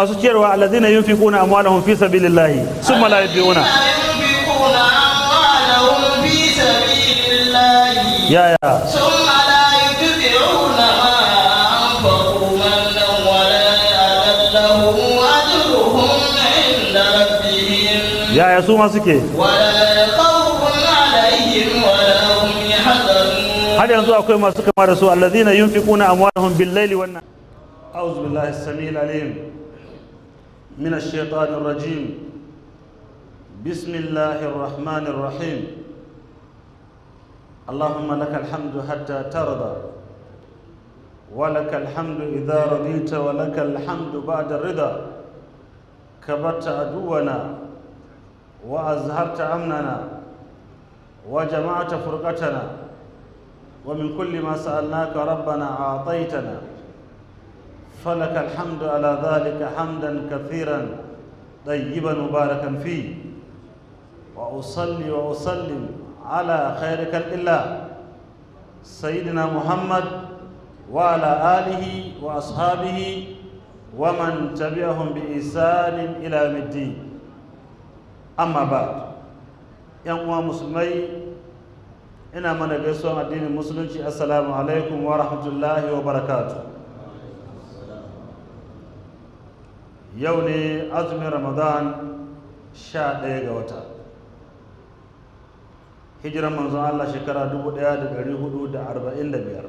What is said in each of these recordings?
masu ciyarwa allazina yunfiquna amwalahum fi sabilillahi summa la yunfiquna ya ya summa la yunfiquna ma anfaqu malan wala yadallahu ajruhum inda rabbihim ya ya su ma suke wala khawfun alaihim wala hum yahzanun har yanzu akwai masu kama da su allazina yunfiquna amwalahum bil laili wannan. أعوذ بالله السميع العليم من الشيطان الرجيم بسم الله الرحمن الرحيم اللهم لك الحمد حتى ترضى ولك الحمد إذا رضيت ولك الحمد بعد الرضا كبرت عدونا وأزهرت أمننا وجمعت فرقتنا ومن كل ما سألناك ربنا أعطيتنا فلك الحمد على ذلك حمدا كثيرا طيبا مباركا فيه وأصلي وأسلم على خير خلق الله سيدنا محمد وعلى آله وأصحابه ومن تبعهم بإحسان إلى الدين أما بعد يا مسلمي انا من gaisuwan addinin musulunci assalamu عليكم ورحمه الله وبركاته yau ne azumin ramadan sha ɗaya ga wata hijiran manzon Allah shekara dubu ɗaya da ɗari hudu da arba'in da biyar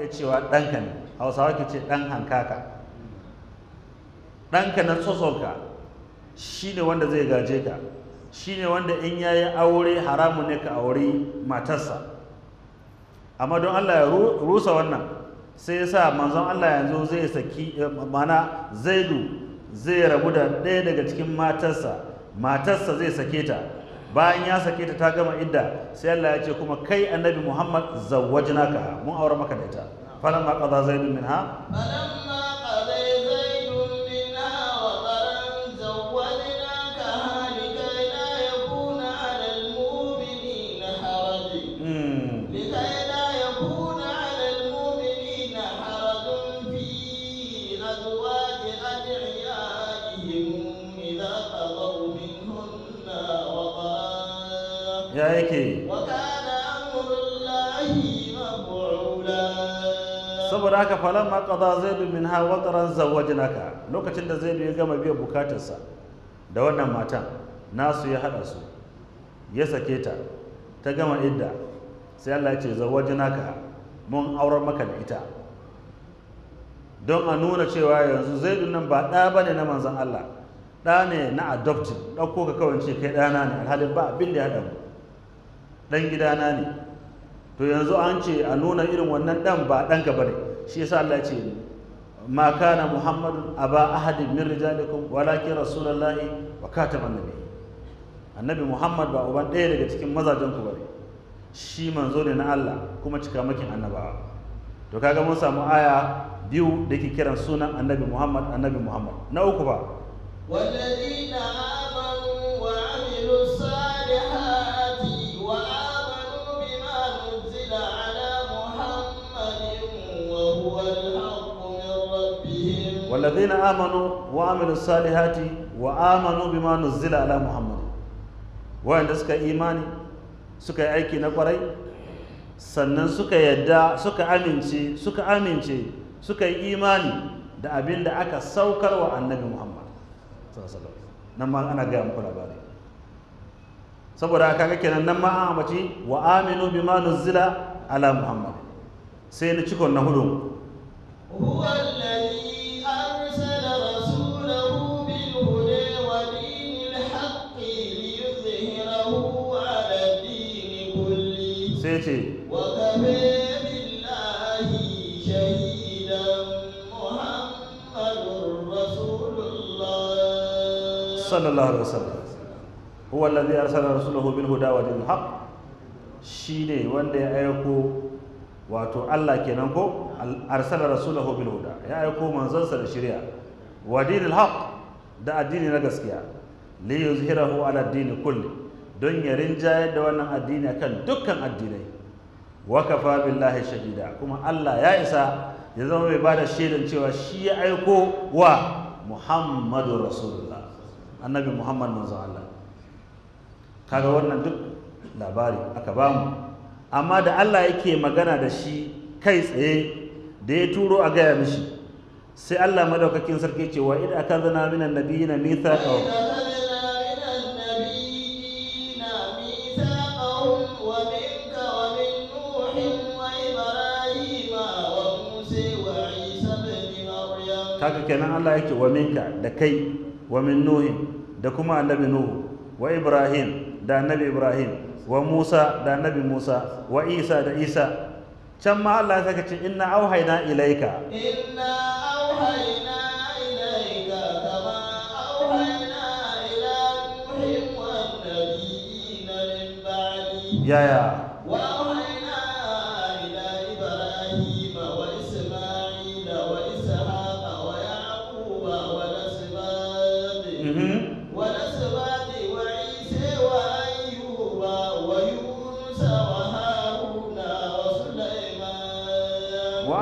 ya cewa ɗanka ne hausawa ke ce ɗan hankaka ɗanka na tsotsonka shi ne wanda zai gaje ka shi ne wanda in ya yi aure haramu ne ka aure matarsa amma don Allah ya rusa wannan sai ya sa manzon Allah yanzu zai saki eh, mana zaidu zai rabu da ɗaya daga cikin matarsa matarsa zai sake ta bayan ya sake ta ta gama idda sai Allah ya ce kuma kai annabi Muhammad zawwajnaka mun aure maka da ita falamma qada zaidun minha falamma falamma qada zaidu minha wataran haka, lokacin da zaidu ya gama biyan bukatarsa da wannan matan nasu ya hada su ya sake ta ta gama idda sai Allah ya ce haka mun aurar maka da ita don a nuna cewa yanzu zaidu nan ba ɗa ne na manzon Allah ɗa ne na adoptin ɗauko ka kawai kai ɗana ne alhalin ba abin da ya haɗa mu ɗan gidana ne to yanzu an ce a nuna irin wannan ɗan ba ɗan ba ne shi yasa Allah ce ma kana muhammad aba ahadin min rijalikum walakin rasulullahi wa kataman nabi annabi muhammad ba uban ɗaya daga cikin mazajen ku bane shi manzo ne na Allah kuma cika makin annabawa to kaga mun samu aya biyu da ke kiran sunan annabi muhammad annabi muhammad na uku ba والذين آمنوا وعملوا الصالحات وآمنوا بما نزل على محمد وعند سكا إيماني سكا أيكي نقري sannan suka yadda suka amince suka amince suka yi imani da abin da aka saukar wa annabi muhammad sallallahu alaihi wasallam nan ma ana gaya muku labari saboda ga kenan nan ma an amince wa aminu bima nuzila ala muhammad sai na cikon na hudu sai ce wa kabe billahi shahidan muhammadur rasulullah sallallahu alaihi wasallam huwa alladhi arsala rasulahu bil huda wa dinil haqq shine wanda ya aiko wato Allah kenan ko arsala rasulahu bil huda ya aiko manzansa da shari'a wa dinil haqq da addini na gaskiya li yuzhirahu ala dini kulli don ya rinjayar da wannan addini akan dukkan addinai wa billahi shahida kuma Allah ya isa ya zama mai bada shaidan cewa shi ya aiko wa Muhammadu Rasulullah annabi Muhammad manzo Allah kaga wannan duk labari aka bamu amma da Allah yake magana da shi kai tsaye da ya turo a gaya mishi sai Allah madaukakin sarki ce wa aka zana minan nabiyina mithaqaw Haka kenan Allah yake wa minka da kai wa min nuhin da kuma annabi nuhu wa ibrahim da annabi ibrahim wa musa da annabi musa wa isa da isa can ma Allah ya saka ce inna auhayna ilaika inna auhayna ilaika kama auhayna ila nuhin wa nabiyina min ba'di yaya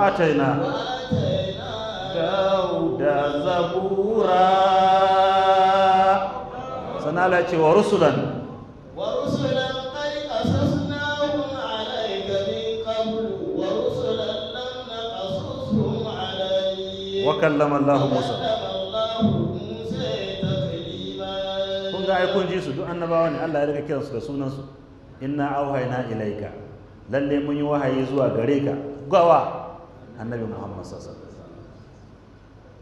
وآتينا داود زبورا سنالة ورسلا ورسلا الله موسى kun ga ai kun ji su duk annabawa ne Allah ya riga kiransu da sunansu inna auhayna ilaika lalle mun yi wahayi zuwa gare ka annabi muhammad sassan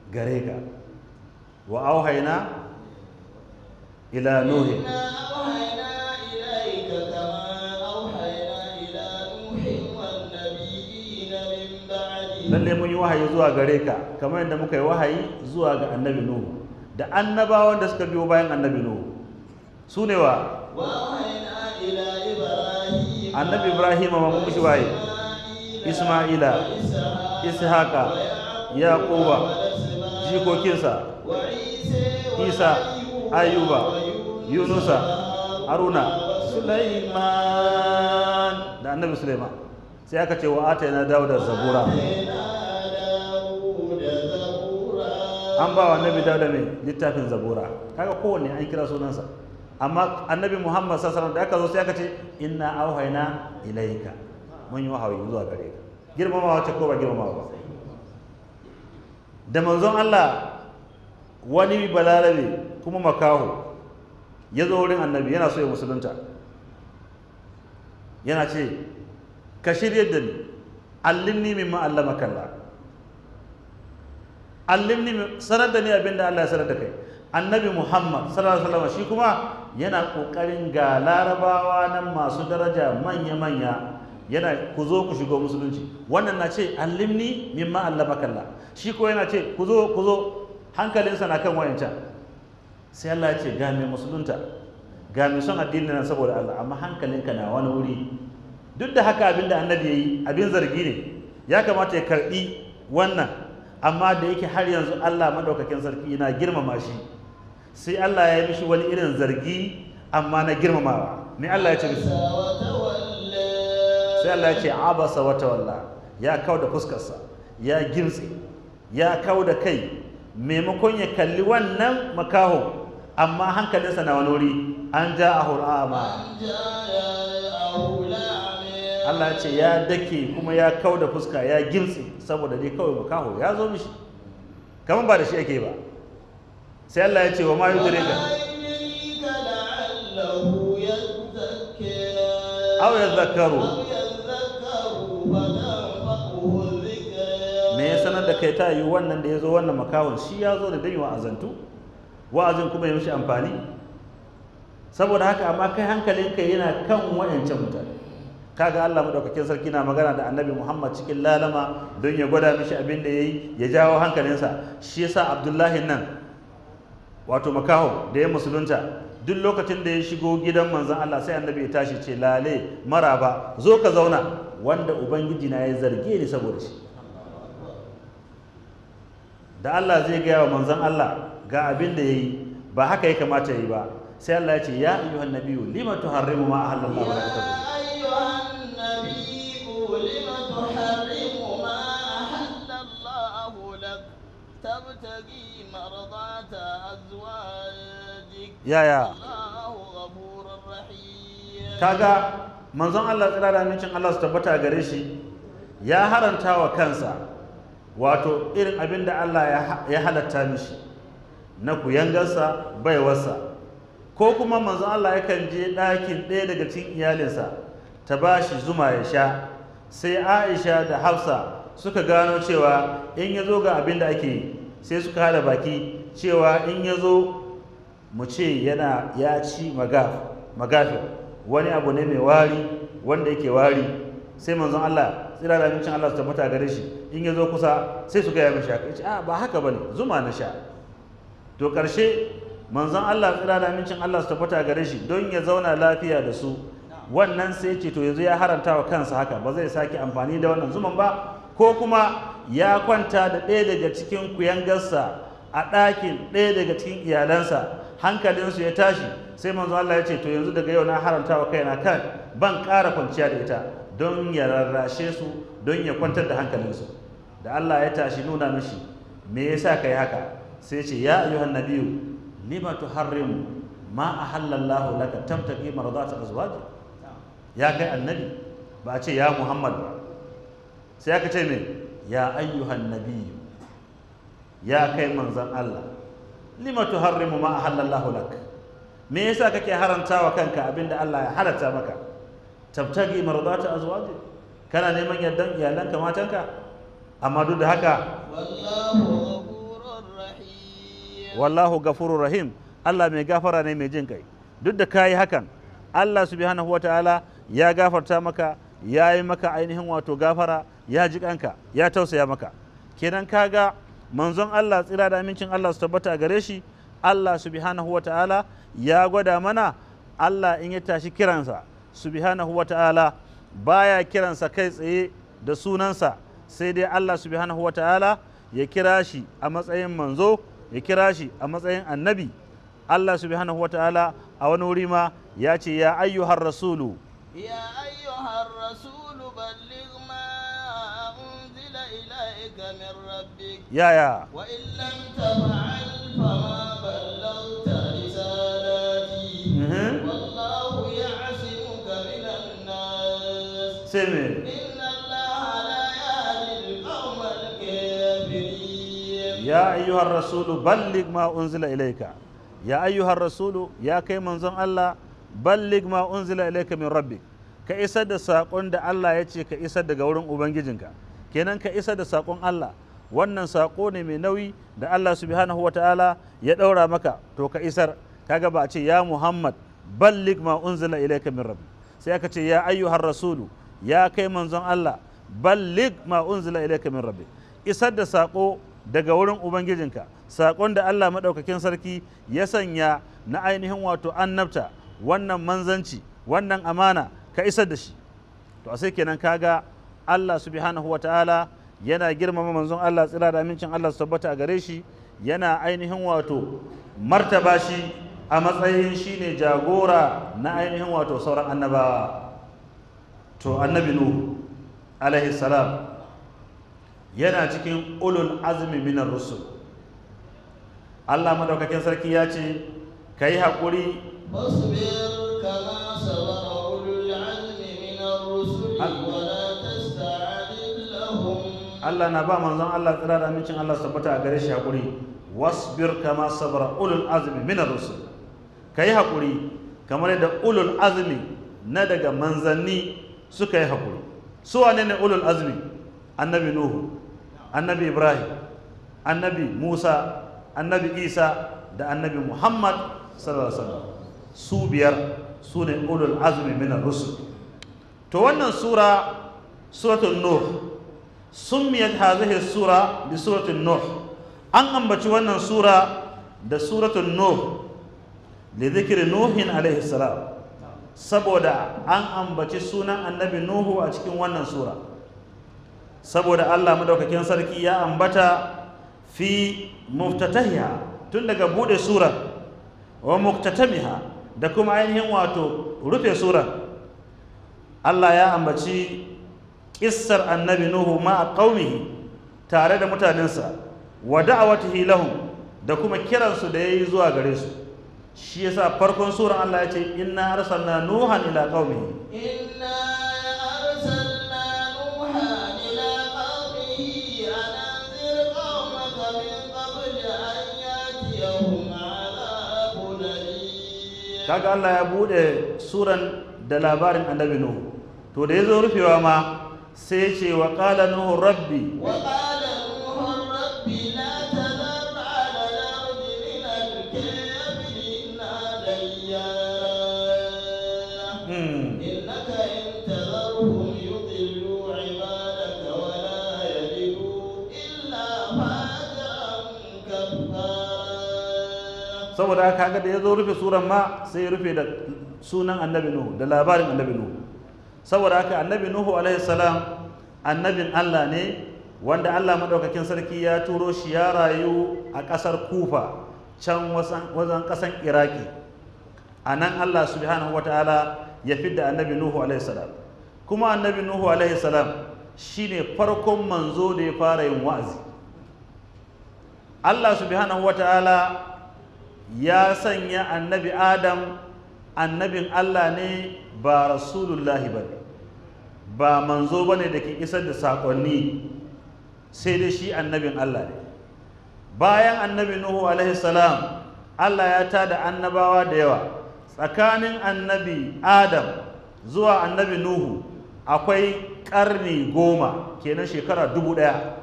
gare ka wa auhaina ila nuhi lalle mun yi wahayi zuwa gare ka kamar yadda muka yi wahayi zuwa ga annabi nuhu da annabawan da suka biyo bayan annabi nuhu su ne wa annabi ibrahim ma mun shi wahayi isma'ila ishaqa yaquba jikokinsa isa ayuba yunusa haruna sulaiman da annabi sulaiman sai aka ce wa atayna dawuda zabura an ba wa annabi dauda mai littafin zabura kaga kowanne an kira sunansa amma annabi muhammad sassanar da aka zo sai aka ce ina auhaina ilaika mun yi wahayi zuwa gare ka girmamawa ce ko ba girmamawa ba da manzon Allah wani balalabe kuma makaho ya zo wurin annabi yana so ya musulunta yana ce ka shirya da ni allimni min allama kalla allimni sanar da ni abinda Allah ya sanar da kai annabi Muhammad sallallahu alaihi wasallam shi kuma yana kokarin ga larabawa nan masu daraja manya manya yana ku zo ku shigo musulunci wannan na ce allimni mimma ma Allah shi ko yana ce ku zo ku zo hankalinsa na kan wayancan sai Allah ya ce ga mai musulunta ga mai son addini nan saboda Allah amma hankalinka na wani wuri duk da haka abin da annabi yayi abin zargi ne ya kamata ya karbi wannan amma da yake har yanzu Allah madaukakin sarki yana girmama shi sai Allah ya yi mishi wani irin zargi amma na girmamawa Ni Allah ya ce mishi sai Allah ya ce abasa wa tawalla ya kau da fuskarsa ya girtse ya kau da kai maimakon ya kalli wannan makaho amma hankalinsa na wani wuri an ja a hur'ama Allah ce ya dake kuma ya kawo da fuska ya girtse saboda dai kawai makaho ya zo mishi kamar ba da shi ake ba sai Allah ya ce wa ma yudrika aw yadhakkaru kai ta yi wannan da ya zo wannan makawon shi ya zo da dai wa'azantu wa'azin kuma ya mishi amfani saboda haka amma kai hankalinka yana kan wayancan mutane kaga Allah madaukakin sarki na magana da Annabi Muhammad cikin lalama don ya gwada mishi abin da yayi ya jawo hankalinsa shi yasa Abdullahi nan wato makaho da ya musulunta duk lokacin da ya shigo gidan manzon Allah sai Annabi ya tashi ce lale maraba zo ka zauna wanda ubangiji na ya zarge ni saboda shi da Allah zai gaya wa manzon Allah ga abin da yayi ba haka ya kamata ya yi ba sai Allah ya ce ya ayyuhan nabiyyu lima tuharrimu ma ahallallahu laka ya ayyuhan nabiyyu lima tuharrimu ma Allah lak tabtagi azwajik ya ya kaga manzon Allah tsira da mincin Allah su tabbata gare shi ya haranta wa kansa wato irin abin da Allah ya halatta mishi na kuyangarsa baiwarsa ko kuma manzon Allah yakan je ɗakin ɗaya daga cikin iyalinsa ta ba shi zuma ya sha sai Aisha da Hafsa suka gano cewa in ya zo ga abin da ake sai suka hada baki cewa in ya zo mu ce yana ya ci magafi, wani abu ne mai wari wanda yake wari sai manzon Allah tsira abincin Allah su tabbata gare shi in ya zo kusa sai su gaya mishi haka a ah, ba haka bane zuma na sha to karshe manzon Allah tsira da abincin Allah su tabbata gare shi don ya zauna lafiya da su wannan sai ce to yanzu ya haranta wa kansa haka ba zai sake amfani da wannan zuman ba ko kuma ya kwanta da ɗaya daga cikin kuyangarsa a ɗakin ɗaya daga cikin iyalansa hankalinsu ya tashi sai manzo Allah ya ce to yanzu daga yau na haranta wa kaina kan ban ƙara kwanciya da ita don ya rarrashe su don ya kwantar da hankalinsu da Allah ya tashi nuna mishi me yasa kai haka sai ce ya ayyuhan nabiyyu lima tuharrimu ma ahallallahu laka tamtaqi maradata azwaji ya kai annabi ba a ce ya muhammad ba sai aka ce me ya ayyuhan nabiyyu ya kai manzon Allah lima tuharrimu ma ahallallahu laka. me yasa kake haramtawa kanka abinda Allah ya halatta maka tabtagi marzata azwaji kana neman yardan iyalanka matanka amma duk da haka wallahu ghafurur rahim Allah mai gafara ne mai jin kai duk da kayi hakan Allah subhanahu wataala ya gafarta maka ya yi maka ainihin wato gafara ya ji kanka ya tausaya maka kenan kaga manzon Allah tsira da amincin Allah su tabbata gare shi Allah subhanahu wa ta'ala ya gwada mana Allah in ya tashi kiransa subhanahu ta'ala baya kiransa kai tsaye da sunansa sai dai Allah subhanahu ta'ala ya kira shi a matsayin manzo ya kira shi a matsayin annabi Allah subhanahu ta'ala a wani wuri ma ya ce ya ayyuhar rasulu ya ayyuhar rasulu balligh ma unzila ilayka min rabbik wa ballagta sai ya ayyuhar rasulu ballig ma unzila ilaika ya ayyuhar rasulu ya kai manzon Allah ballig ma unzila ilaika min rabbi ka isar da saƙon da Allah ya ce ka isar daga wurin ubangijinka kenan ka isar da saƙon Allah wannan saƙo ne mai nauyi da Allah subhanahu ta'ala ya ɗaura maka to ka isar ka ba a ce ya Muhammad ballig ma unzila ilaika min rabbi sai aka ce ya ayyuhar rasulu ya kai manzon Allah ballig ma unzila ilayka min rabbi isar da sako daga wurin ubangijinka sakon da Allah madaukakin sarki ya sanya na ainihin wato annabta wannan manzanci wannan amana ka isar da shi to sai kenan kaga Allah subhanahu wataala yana girmama manzon Allah tsira da amincin Allah su tabbata a gare shi yana ainihin wato martaba shi a matsayin shine jagora na ainihin wato sauran annabawa to annabi nuhu alaihi salam yana cikin ulul azmi minar rusul Allah madaukakin sarki ya ce ka yi haƙuri Allah na ba manzon Allah tsira da amincin Allah sabbata a gare shi haƙuri wasbir kama sabara ulul azmi minar rusul ka yi haƙuri kamar yadda ulul azmi na daga manzanni suka yi haƙuri su wane ne ulul azmi annabi nuhu annabi ibrahim annabi musa annabi isa da annabi muhammad sallallahu su biyar su ne ulul azmi min ar-rusul to wannan sura suratul nur summiyat hadhihi sura bi suratul nur an ambaci wannan sura da suratul nur li dhikri nuhin alaihi salam saboda an ambaci sunan annabi nuhu a cikin wannan sura saboda Allah madaukakin sarki ya ambata fi muftatahiya tun daga bude surar wa muktatamiha da kuma ainihin wato rufe surar Allah ya ambaci kissar annabi nuhu ma a qaumihi tare da mutanensa wa da'awatihi lahum da kuma kiransu da ya yi zuwa gare su shi yasa farkon suran Allah ya ce inna arsalna nuhan ila qaumi inna arsalna nuhan ila qaumi anzir qaumaka min qabl an yatiyahum azabun alim kaga Allah ya bude suran da labarin annabi nuhu to da yazo rufewa ma sai ya ce wa qala nuhu rabbi wa qala saboda haka kaga da ya zo rufe suran ma sai ya rufe da sunan annabi nuhu da labarin annabi nuhu saboda haka annabi nuhu alaihi salam annabin allah ne wanda allah maɗaukakin sarki ya turo shi ya rayu a ƙasar kufa can wajen ƙasan iraki a nan allah subhanahu wa ya fidda annabi nuhu alaihi salam kuma annabi nuhu alaihi salam shine farkon manzo da ya fara yin wa'azi allah subhanahu wa ya sanya annabi adam annabin allah ne ba rasulullahi ba ba manzo ba ne da ke isar da saƙonni sai dai shi annabin allah ne bayan annabi nuhu alaihi salam allah ya ta da annabawa da yawa tsakanin annabi adam zuwa annabi nuhu akwai ƙarni goma kenan shekara dubu ɗaya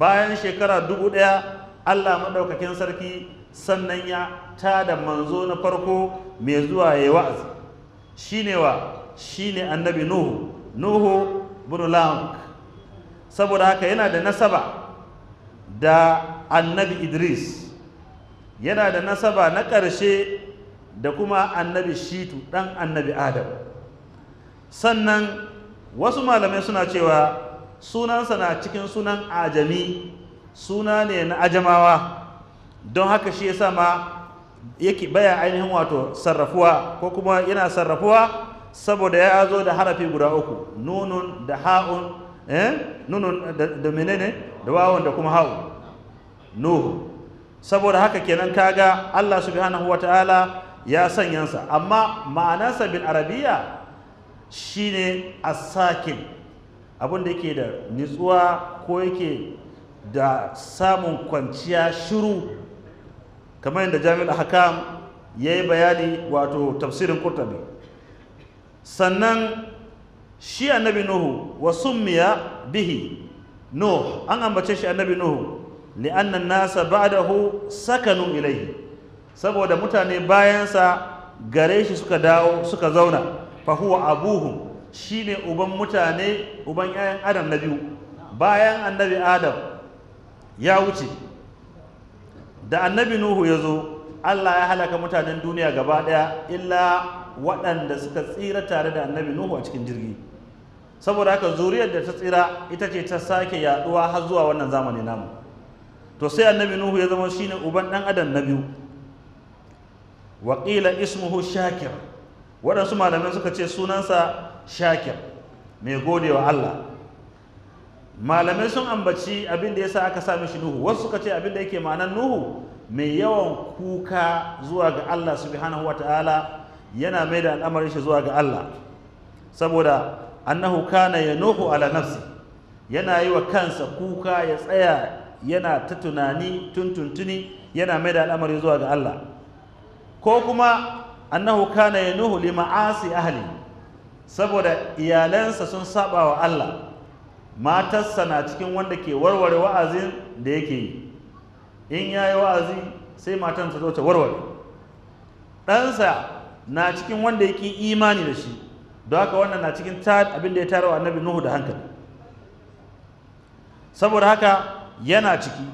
bayan shekara dubu ɗaya allah maɗaukakin sarki sannan ya ta da manzo na farko mai zuwa yayi wa'azi shine wa shine annabi nuhu nuhu bin saboda haka yana da nasaba da annabi idris yana da nasaba na ƙarshe da kuma annabi shitu ɗan annabi adam sannan wasu malamai suna cewa sunansa na cikin sunan ajami suna ne na ajamawa don haka shi yasa ma yake baya ainihin wato sarrafuwa ko kuma yana sarrafuwa saboda ya zo da harafi guda uku nunun da ha'un eh nunun da menene da wawan da kuma ha'un nuhu saboda haka kenan kaga Allah subhanahu wataala ya sanyansa amma ma'anarsa bil arabiya shine a sakin abin da yake da nitsuwa ko yake da samun kwanciya shiru kamar yadda jami'ul hakam ya yi bayani wato tafsirin kurtabi sannan shi annabi nuhu wa summiya bihi no an ambace shi annabi nuhu li'annan nasa ba'dahu sakanu ilaihi saboda mutane bayansa gare shi suka dawo suka zauna fa Abuhu abuhum shine uban mutane uban 'ya'yan adam na biyu bayan annabi adam ya wuce da annabi nuhu ya zo allah ya halaka mutanen duniya gaba ɗaya illa waɗanda suka tsira tare da annabi nuhu a cikin jirgi saboda haka zuriyar da ta tsira ita ce ta sake yaduwa har zuwa wannan zamani namu to sai annabi nuhu ya zama shine uban ɗan adam na biyu waƙila ismuhu shakir waɗansu malamai suka ce sunansa shakir mai gode wa allah malamai sun ambaci abin da ya sa aka sami shi nuhu wasu suka ce abin da yake ma'anar nuhu mai yawan kuka zuwa ga Allah subhanahu ta'ala yana mai da al'amarin shi zuwa ga Allah saboda annahu kana nuhu ala nafsi yana yi wa kansa kuka ya tsaya yana ta tunani tuntuntuni yana mai da al'amari zuwa ga Allah ko kuma annahu kana nuhu li ma'asi ahli saboda iyalansa sun saba wa Allah matarsa na cikin wanda ke warware wa'azin da yake yi in ya yi wa'azi sai matan ta zo warware ɗansa na cikin wanda yake imani da shi don haka wannan na cikin abin da ya tarawa annabi nuhu da hankali saboda haka yana ciki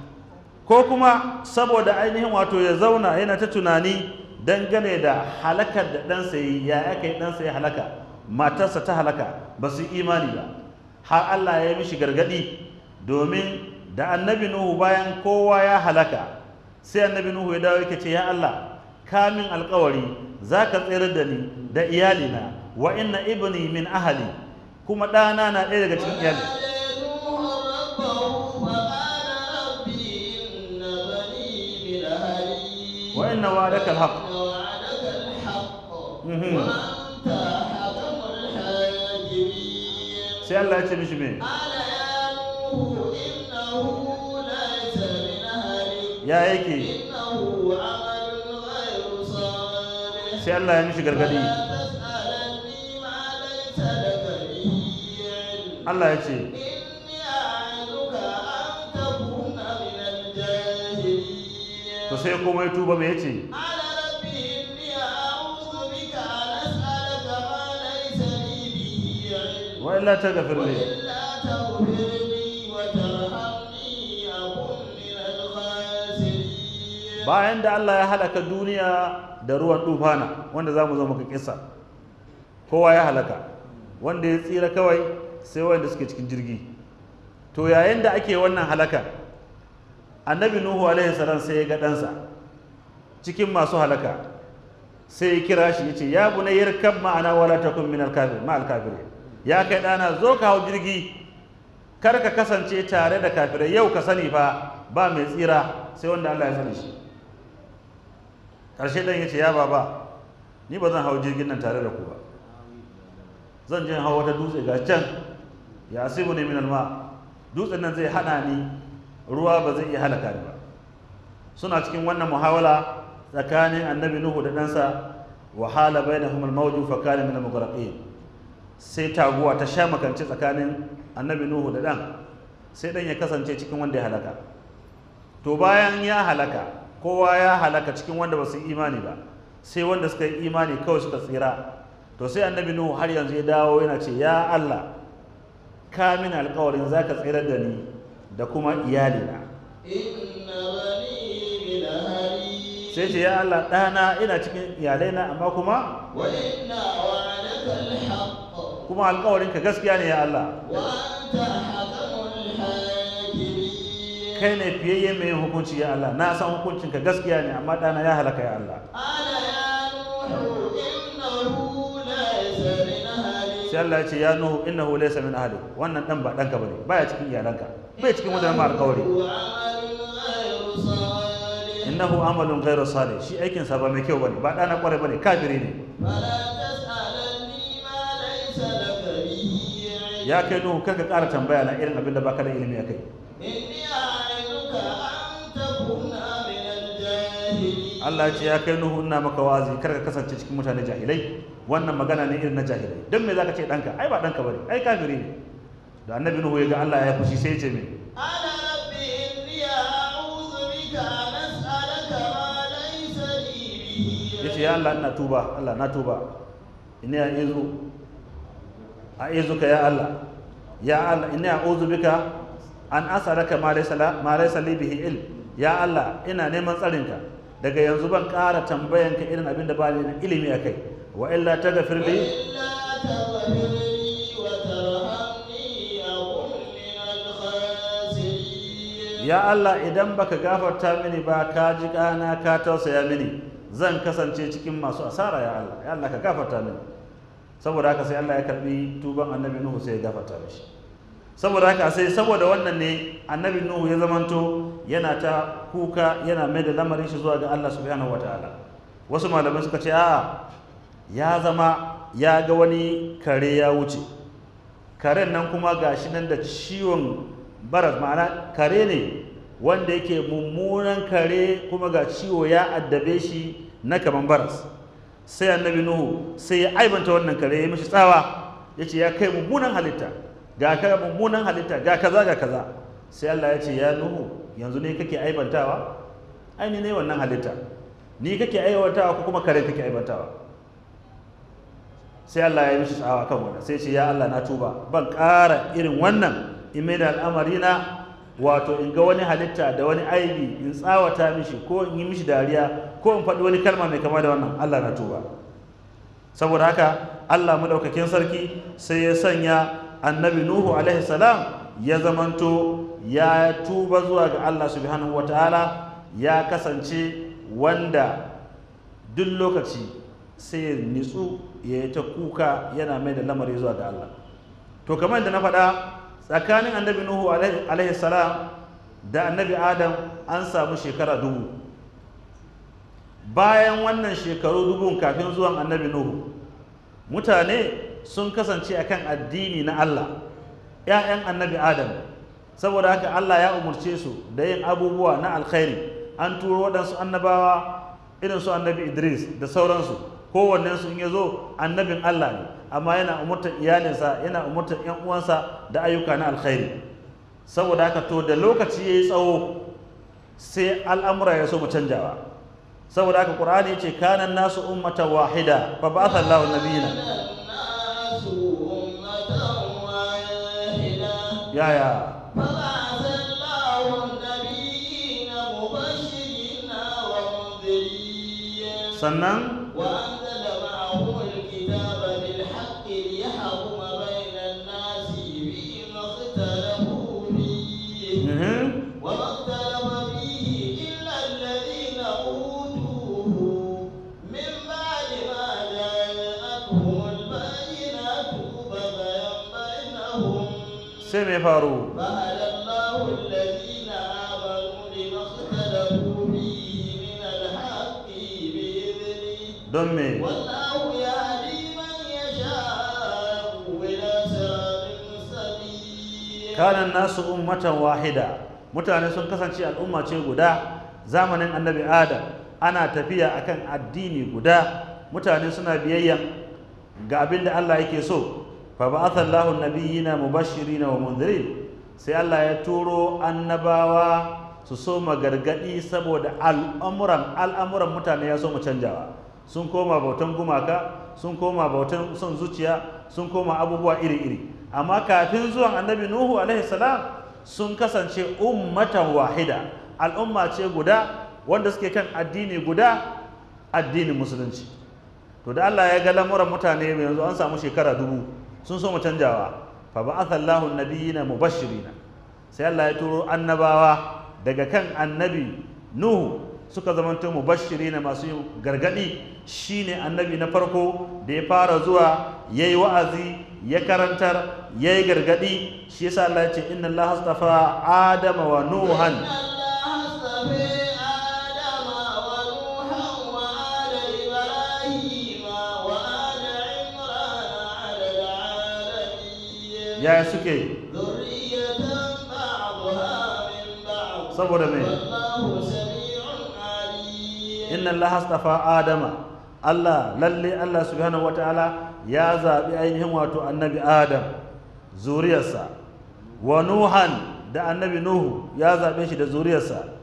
ko kuma saboda ainihin wato ya zauna yana ta tunani dangane da halakar da ɗansa ya yi ya aka yi ɗansa ya halaka matarsa ta halaka ba su imani ba har Allah ya yi mishi gargadi domin da annabi nuhu bayan kowa ya halaka sai annabi nuhu ya dawo yake ce ya Allah kamin alkawari za ka tsirar da ni da iyalina wa inna ibni min ahali kuma ɗana na ɗaya daga cikin iyali wa inna wa'adaka alhaq wa sai Allah ya ce mishi me ya yake sai Allah ya mishi gargadi Allah ya ce to sai kuma ya tuba mai ya ce وإلا تغفر لي bayan da Allah ya halaka duniya da ruwan tufana wanda za mu zo muka kisa kowa ya halaka wanda ya tsira kawai sai wanda suke cikin jirgi to yayin da ake wannan halaka annabi nuhu alaihi salam sai ya ga ɗansa cikin masu halaka sai ya kira shi ya ce ya bunayyar kan ma'ana wala takun min al-kafir ma al-kafirin ya kai ɗana zo ka hau jirgi kar ka kasance tare da kafirai yau ka sani fa ba mai tsira sai wanda Allah ya sani shi ƙarshe ɗan yace ya baba ni ba zan hau jirgin nan tare da ku ba zan je hau wata dutse ga can ya asibu ne min alma dutsen nan zai hana ni ruwa ba zai iya halaka ni ba suna cikin wannan muhawala tsakanin annabi nuhu da ɗansa wahala bainahum almawju fa kana min almughraqin sai taguwa ta sha makance tsakanin annabi nuhu da dan sai ɗan ya kasance cikin wanda ya halaka to bayan ya halaka kowa ya halaka cikin wanda ba su yi imani ba sai wanda suka yi imani kawai suka tsira to sai annabi nuhu har yanzu ya dawo yana ce ya allah ka min alkawarin za ka tsirar da ni da kuma iyalina sai ce ya allah ɗana ina cikin iyalaina amma kuma kuma alƙawarin ka gaskiya ne ya Allah kai ne fiyayye mai yin hukunci ya Allah na san hukuncin ka gaskiya ne amma ɗana ya halaka ya Allah sai Allah ya ce ya nuhu innahu laysa min ahli wannan ɗan ba ɗanka ba ne. baya cikin iyalanka bai cikin wadannan alƙawari innahu amalun ghayru salih shi aikin sa ba mai kyau bane ba dana kware bane kafiri ne ya kai nuhu kar ka ƙara tambaya na irin abin da baka da ilimi kai Allah ce ya kai nuhu ina maka wazi kar ka kasance cikin mutane jahilai wannan magana ne irin na jahilai don me zaka ce danka ai ba danka bane ai kafiri ne da annabi nuhu ya ga Allah ya fushi sai ya ce me ya ce ya Allah ina tuba Allah na tuba ina ya a izuka ya Allah ya Allah ina a'udhu bika an asaraka ma laysa ma laysa bihi ya Allah ina neman tsarinka daga yanzu ban kara tambayanka irin abin da ba ni ilimi akai wa illa taghfir li ya Allah idan baka gafarta mini ba ka ji kana ka tausaya mini zan kasance cikin masu asara ya Allah ya Allah ka gafarta mini saboda haka sai Allah ya karbi tuban annabi Nuhu sai ya gafarta mishi saboda haka sai saboda wannan ne annabi Nuhu ya zamanto yana ta kuka yana mai da lamarin shi zuwa ga Allah subhanahu wataala wasu malamai suka ce a'a ya zama ya ga wani kare ya wuce karen nan kuma gashi nan da ciwon baras ma'ana kare ne wanda yake mummunan kare kuma ga ciwo ya addabe shi na kaman baras sai annabi nuhu sai ya aibanta wannan kare ya mishi tsawa ya ce ya kai mummunan halitta ga ka mummunan halitta ga kaza ga kaza sai Allah ya ce ya nuhu yanzu ne kake aibantawa Aini ne wannan halitta ni kake aibantawa ko kuma kare kake aibantawa sai Allah ya mishi tsawa kan wannan sai ya ce ya Allah na tuba ban ƙara irin wannan in mai da al'amari na wato in ga wani halitta da wani aibi in tsawata mishi ko in yi mishi dariya ko in faɗi wani kalma mai kama da wannan Allah na tuba saboda haka Allah madaukakin sarki sai ya sanya annabi Nuhu alaihi salam ya zamanto ya tuba zuwa ga Allah subhanahu wataala ya kasance wanda duk lokaci sai ya nitsu ya yi ta kuka yana mai da lamari zuwa ga Allah to kamar da na faɗa tsakanin annabi Nuhu alaihi salam da annabi Adam an samu shekara dubu bayan wannan shekaru dubu kafin zuwan annabi nuhu mutane sun kasance a kan addini na Allah ‘ya'yan annabi adam saboda haka Allah ya umarce su da yin abubuwa na alkhairi an turo waɗansu annabawa irin su annabi idris da sauransu kowannensu in ya zo annabin Allah ne amma yana umurtar iyalinsa yana umurtar ‘yan uwansa da ayyuka na alkhairi saboda haka to da lokaci ya yi tsawo sai al'amura ya so mu canjawa saboda haka qur'ani yace kana nasu ummatan wahida fa ba'atha Allahu nabiyina ya ya sannan sai mai faru don me kanan nasu ummatan wahida mutane sun kasance al'umma ce guda zamanin annabi adam ana tafiya akan addini guda mutane suna biyayya ga abin da Allah yake so fa ba'atha Allahu nabiyina mubashirina wa munzirin sai Allah ya turo annabawa su so gargadi saboda al'amuran al'amuran mutane ya so mu canjawa sun koma bautan gumaka sun koma bautan son zuciya sun koma abubuwa iri-iri amma kafin zuwan annabi nuhu alaihi sun kasance ummatan wahida al'umma ce guda wanda suke kan addini guda addinin musulunci to da Allah ya ga lamuran mutane yanzu an samu shekara dubu sun so mu canjawa fa ba'atha Allahu nabiyina mubashirina sai Allah ya turo annabawa daga kan annabi Nuhu suka zamanto mubashirina masu gargadi shine annabi na farko da ya fara zuwa yayi wa'azi ya karantar yayi gargadi shi yasa Allah ya ce inna Allah astafa Adama wa Nuhan ya suke saboda mai inna Allah astafa adama Allah lalle Allah subhanahu wataala ya zaɓi ainihin wato annabi adam zuriyarsa wa nuhan da annabi nuhu ya zaɓe shi da zuriyarsa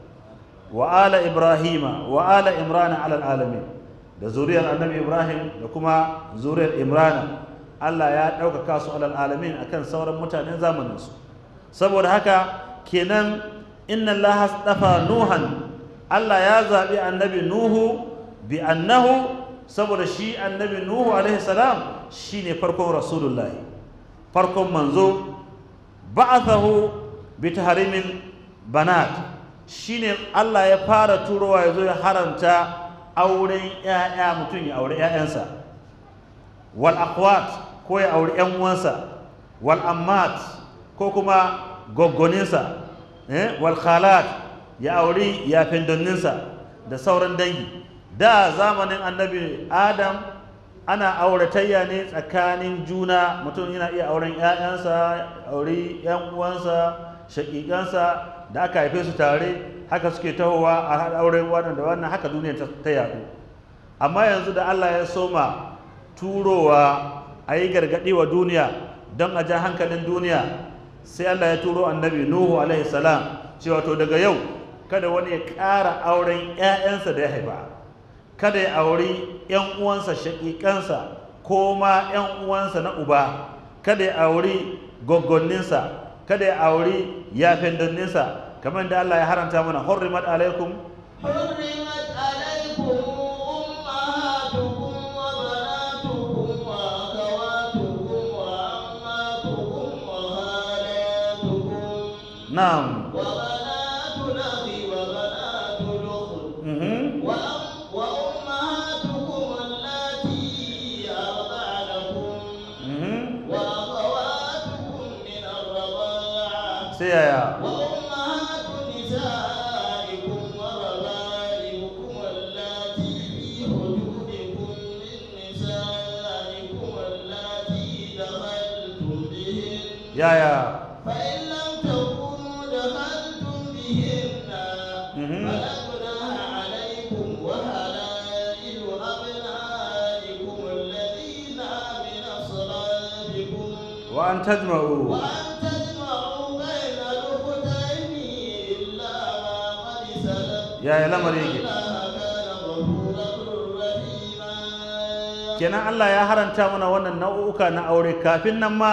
wa ala ibrahima wa ala imrana alal alamin da zuriyar annabi ibrahim da kuma zuriyar imrana Allah ya ɗaukaka su alal alamin akan sauran mutanen zamaninsu saboda haka kenan inna Allah astafa nuhan Allah ya zaɓi annabi nuhu bi annahu saboda shi annabi nuhu alaihi salam shine farkon rasulullahi farkon manzo ba'athahu bi tahrimil banat shine Allah ya fara turowa yazo ya haramta auren 'ya'ya mutum ya aure 'ya'yansa wal aqwat ko ya auri yan uwansa wal ammat ko kuma goggoninsa eh, wal khalat ya auri yafin fendoninsa da sauran dangi da zamanin annabi adam ana auratayya ne tsakanin juna mutum yana iya auren 'ya'yansa auri 'yan uwansa shaƙiƙansa da aka haife su tare haka suke tahowa a auren wannan da wannan haka duniya ta yaɗu amma yanzu da allah ya soma turowa a yi gargaɗi wa duniya don a ja hankalin duniya sai Allah ya turo annabi Nuhu alaihi salam cewa to daga yau kada wani ya ƙara auren ‘ya'yansa da ya haifa kada ya auri ‘yan uwansa shaƙiƙansa ko ma ‘yan uwansa na uba kada ya auri goggonninsa kada ya auri yafendonninsa kamar da Allah ya haramta mana hurrimat alaikum hurrimat alaikum não yaya lamar yake kenan Allah ya haranta mana wannan nau'uka na aure kafin nan ma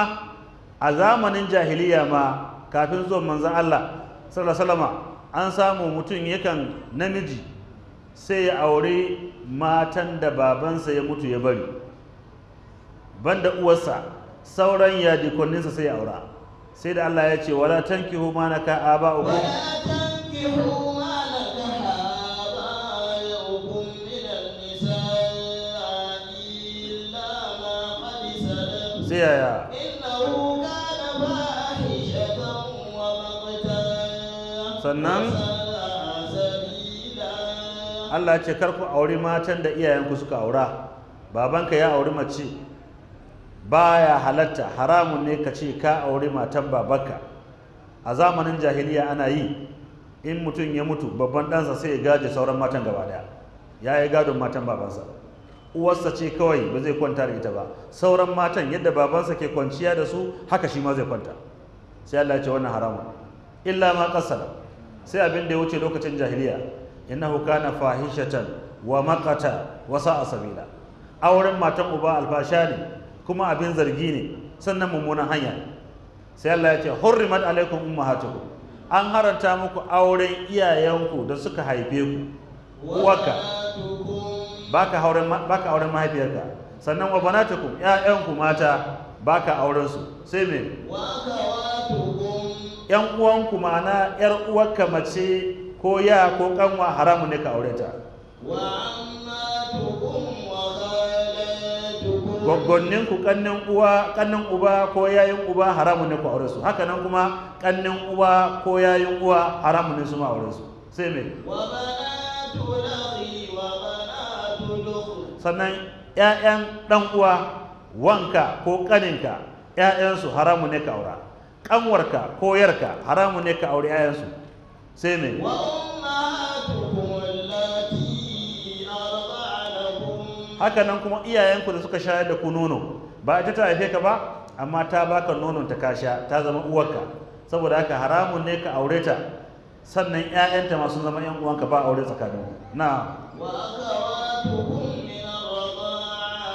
a zamanin jahiliya ma kafin zuwan manzon Allah sallallahu an samu mutum yakan namiji sai ya aure matan da babansa ya mutu ya bari banda uwarsa sauran yadikunninsa sai aura sai da Allah ya ce wala tankihu ma naka aba'ukum wala tankihu yaya sannan Allah ce karku auri matan da iyayenku suka aura babanka ya auri mace baya halatta haramun ne ka ce ka aure matan babanka a zamanin jahiliya ana yi in mutum ya mutu babban ɗansa sai ya gaje sauran matan gaba ɗaya ya yi gadon matan babansa uwarsa ce kawai ba zai kwanta da ita ba sauran matan yadda babansa ke kwanciya da su haka shi ma zai kwanta sai Allah ya ce wannan haramun illa ma qasala sai abin da ya wuce lokacin jahiliya Ina innahu kana fahishatan wa maqata wa sa'a sabila auren matan uba alfasha ne kuma abin zargi ne sannan mummunan hanya sai Allah ya ce hurrimat alaikum ummahatukum an haranta muku auren iyayenku da suka haife ku uwaka baka auren baka auren mahaifiyarka sannan wa banatukum ƴaƴanku mata baka auren su sai me yan uwanku ma'ana yar uwarka mace ko ya ko kanwa haramu ne ka aure ta wa ammatukum gwaggonin ku kannin uwa kannin uba ko yayin uba haramun ne ku aure su haka nan kuma kannin uwa ko yayin uwa haramun ne su ma aure su sai me sannan ƴaƴan dan uwa wanka ko kaninka su haramun ne ka aura kanwarka ko yarka haramun ne ka aure su sai me wa ummahatukum haka nan kuma iyayenku da suka shayar da ku nono ba ita ta haife ka ba amma ta baka nonon ta kasha ta zama uwarka saboda haka haramun ne ka aure ta sannan ƴaƴanta ma sun zama ƴan uwanka ba aure tsakanin na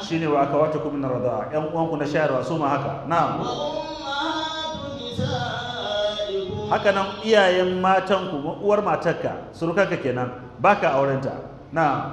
shine wa aka wata kuma na rada'a ƴan uwanku na shayarwa su ma haka na haka nan iyayen matanku uwar matarka surukarka kenan baka aurenta na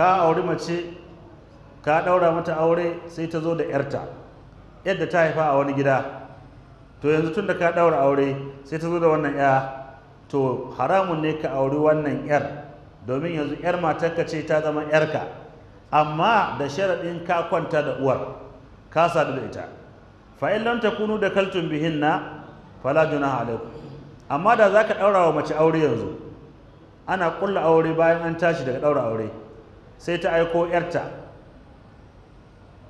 ka auri mace ka ɗaura mata aure sai ta zo da yarta yadda ta haifa a wani gida to yanzu tun da ka ɗaura aure sai ta zo da wannan ya to haramun ne ka auri wannan yar domin yanzu yar matarka ce ta zama yarka amma da sharaɗin ka kwanta da uwar ka sadu da ita fa'in lam takunu da kaltun bihinna fala junaha alaikum amma da zaka ɗaura wa mace aure yanzu ana kulla aure bayan an tashi daga ɗaura aure sai ta aiko yarta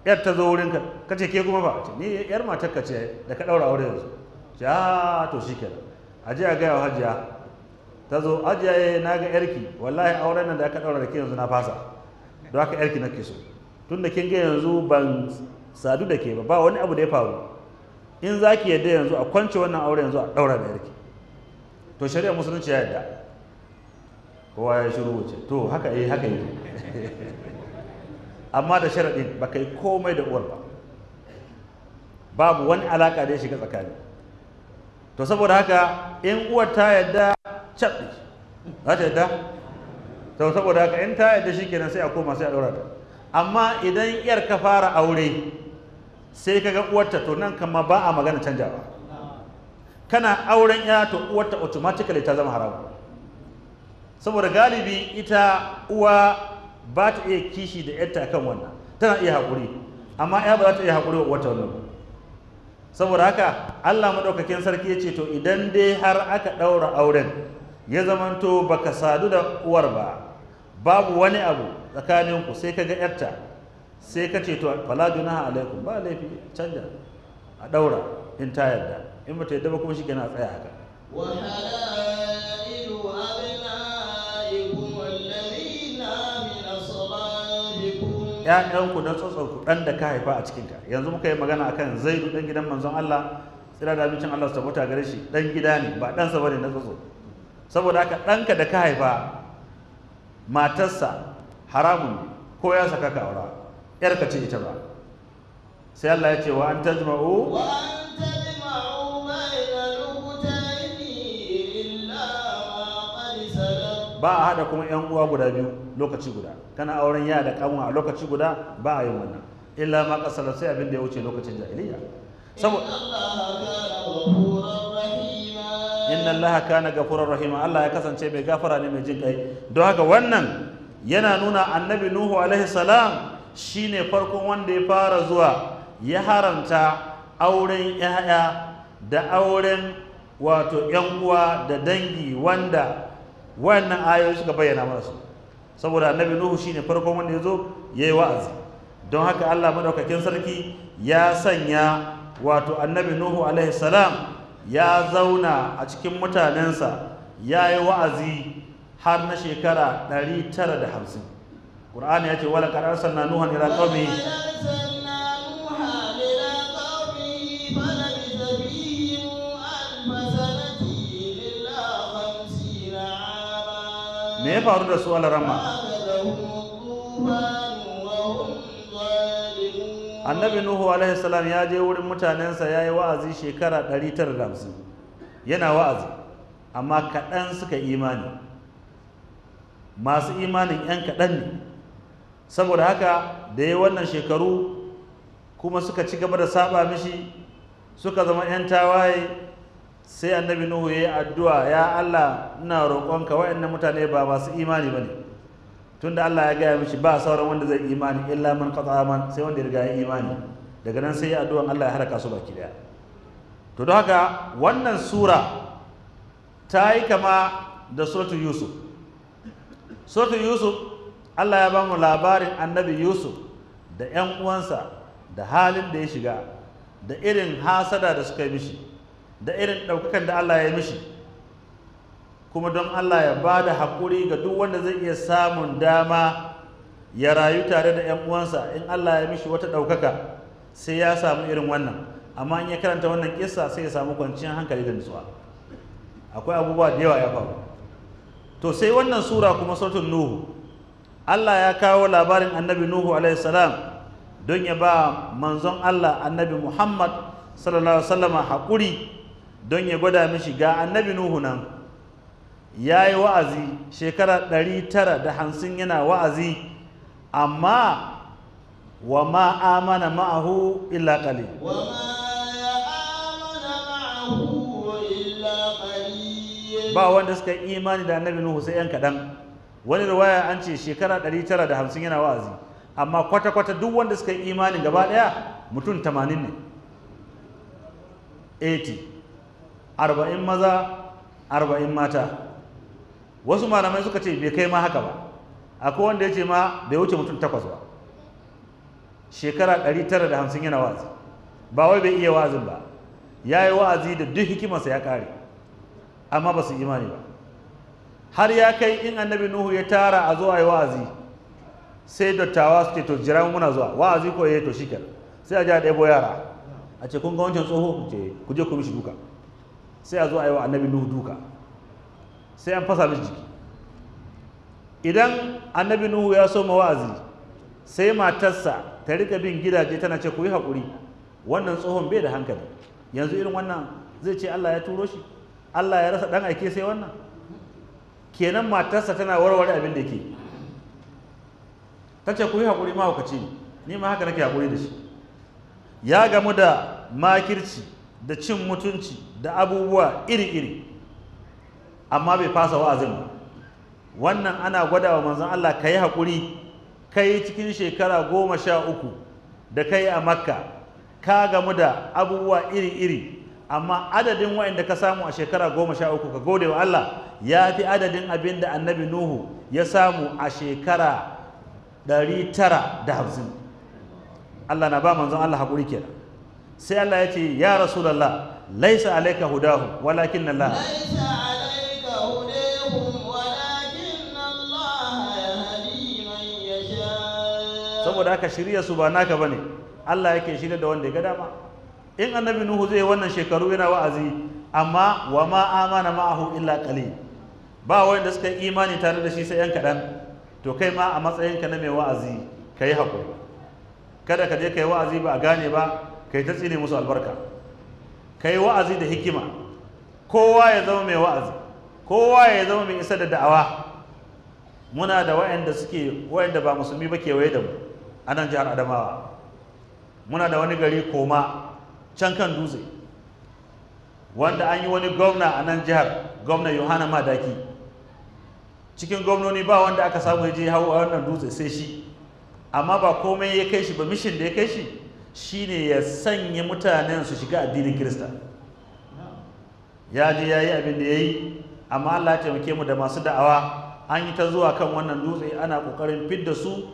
Yarta zo wurinka ka ce ke kuma ba ce ni yar ka ce da ka daura aure yanzu ce a to shikenan a je a gaya wa hajiya ta zo hajiya ya eh, na ga yarki wallahi auren nan da aka daura da ke yanzu na fasa don haka yarki nake so tun da kin ga yanzu ban sadu da ke ba ba wani abu da ya faru in za ki yadda yanzu a kwance wannan aure yanzu a daura da yarki to shari'a musulunci ya yadda kowa ya shiru wuce to haka yi eh, haka yi amma da sharaɗin ba kai komai da uwar ba babu wani alaƙa da ya shiga tsakani to saboda haka in uwar ta yadda caɓi za ta yadda to saboda haka in ta yadda shi kenan sai a koma sai a ɗora ta amma idan yar ka fara aure sai ka ga uwarta to nan kama ba a magana canjawa kana auren ya to uwarta automatically ta zama haramu saboda galibi ita uwa ba ta iya kishi da yarta kan wannan tana iya haƙuri amma ya ba za ta iya haƙuri wa wata wannan saboda haka Allah maɗaukakin sarki ya ce to idan dai har aka ɗaura auren ya zamanto baka sadu da uwar ba babu wani abu tsakaninku sai ka ga yarta sai ka ce to fala junaha alaikum ba laifi canja a ɗaura in ta yarda in ba ta yarda ba kuma shi gana a tsaya haka wa halailu ya'yanku da tsotsonku ɗan da ka haifa a cikinta yanzu muka yi magana a akan zaidu ɗan gidan manzon Allah tsira da abincin Allah su tabbata gare shi ɗan gida ne ba ɗansa ba ne na tsotso saboda haka ɗanka da ka haifa matarsa haramun ne ko ya saka ka aura yarka ce ita ba sai Allah ya ce wa an tajma'u wa ba a haɗa kuma yan uwa guda biyu lokaci guda kana auren ya da kanwa a lokaci guda ba a yin wannan illa ma kasala sai abin da ya wuce lokacin jahiliya saboda inna allaha kana gafurar rahima allah ya kasance mai gafara ne mai jin kai don haka wannan yana nuna annabi nuhu alaihi salam shine farkon wanda ya fara zuwa ya haramta auren 'ya'ya da auren wato 'yan uwa da dangi wanda wayannan ayoyi suka bayyana mana su saboda annabi nuhu shine farkon wanda ya yazo yi wa'azi don haka Allah madaukakin sarki ya sanya wato annabi nuhu alaihi salam ya zauna a cikin mutanensa ya yi wa'azi har na shekara 950 Qur'ani ya ce wala qad arsalna nuhan ila qaumi me ya faru da su alarama annabi nuhu alaihi salam ya je wurin mutanensa ya yi wa'azi shekara 950 yana wa'azi amma kaɗan suka imani masu imanin 'yan kaɗan ne saboda haka da ya wannan shekaru kuma suka ci gaba da saba mishi suka zama 'yan tawaye sai annabi nuhu yayi addu'a ya Allah ina roƙonka waɗannan mutane ba masu imani ba ne tunda Allah ya gaya mishi ba sauran wanda zai imani illa man qata'a man sai wanda ya riga ya imani daga nan sai ya addu'a Allah ya haraka su baki daya to don haka wannan sura ta yi kama da suratu yusuf suratu yusuf allah ya ba mu labarin annabi yusuf da 'yan uwansa da halin da ya shiga da irin hasada da suka yi mishi da irin ɗaukakan da Allah ya mishi kuma don Allah ya ba da haƙuri ga duk wanda zai iya samun dama ya rayu tare da 'yan uwansa in Allah ya mishi wata ɗaukaka sai ya samu irin wannan amma in ya karanta wannan kissa sai ya samu kwanciyar hankali da nutsuwa akwai abubuwa da yawa ya faru to sai wannan sura kuma sautin nuhu Allah ya kawo labarin annabi nuhu don ya ba manzon Allah annabi Muhammad sallallahu alaihi wasallama haƙuri don ya gwada mishi ga annabi nuhu nan ya yi wa'azi shekara 950 yana wa'azi amma wa ma amana ma'ahu illa qali ba wanda suka yi imani da annabi nuhu sai yan kaɗan wani ruwaya an ce shekara 950 yana wa'azi amma kwata-kwata duk wanda suka yi imani gaba ɗaya mutum 80 ne 80 arba'in maza arba'in mata wasu malamai suka ce bai kai ma haka ba akwai wanda ya ce ma bai wuce mutum takwas ba shekara ɗari tara da hamsin yana wa'azi ba wai bai iya wa'azin ba ya yi wa'azi da duk hikimarsa ya ƙare amma ba su imani ba har ya kai in annabi nuhu ya tara a zuwa yi wa'azi sai dattawa su ce to jira muna zuwa wa'azi ko ya eh yi to shi sai a ja a ɗebo yara a ce kun ga wancan tsoho ku je ku mishi duka sai a zo a yi wa annabi nuhu duka sai an fasa mishi jiki idan annabi nuhu ya so wa'azi sai matarsa ta rika bin gidaje tana ce ku yi haƙuri wannan tsohon bai da hankali yanzu irin wannan zai ce allah ya turo shi allah ya rasa ɗan aike sai wannan kenan matarsa tana warware abin da ke ta ce ku yi haƙuri mahaukaci ne ni ma haka nake haƙuri da shi ya gamu da makirci da cin mutunci da abubuwa iri-iri amma bai fasa wa'azin wannan ana gwada wa manzon Allah ka yi haƙuri ka yi cikin shekara goma sha uku da ka yi a makka ka gamu da abubuwa iri-iri amma adadin wa'inda ka samu a shekara goma sha uku ka gode wa Allah ya fi adadin abin da annabi Nuhu ya samu a shekara ɗari tara da hamsin Allah na ba manzon Allah haƙuri kenan sai Allah ya ce ya rasulallah laisa alaika hudahum walakin Allah laisa walakin saboda aka shirya su ba naka bane Allah yake shirya da wanda ya ga dama in annabi nuhu zai wannan shekaru yana wa'azi amma wa ma amana ma'ahu illa qalil ba wanda suka yi imani tare da shi sai yan kadan to kai ma a matsayinka na mai wa'azi kai hakuri kada ka je kai wa'azi ba a gane ba kai ta tsine musu albarka Kai wa'azi da hikima kowa ya zama mai wa'azi kowa ya zama mai isa da da'awa muna da wa'anda suke wa'anda ba musulmi ba ke waye da mu a nan jihar adamawa muna da wani gari koma can kan dutse wanda an yi wani gwamna a nan jihar gwamna yohana madaki cikin gwamnoni ba wanda aka samu ya je hau a wannan dutse sai shi amma ba komai ya kai shi ba mishin da ya kai shi Shi ne ya sanya mutanen su shiga addinin kirista ya je ya yi abin da ya yi amma allah ya taimake mu da masu da'awa an yi ta zuwa kan wannan dutse ana kokarin fidda su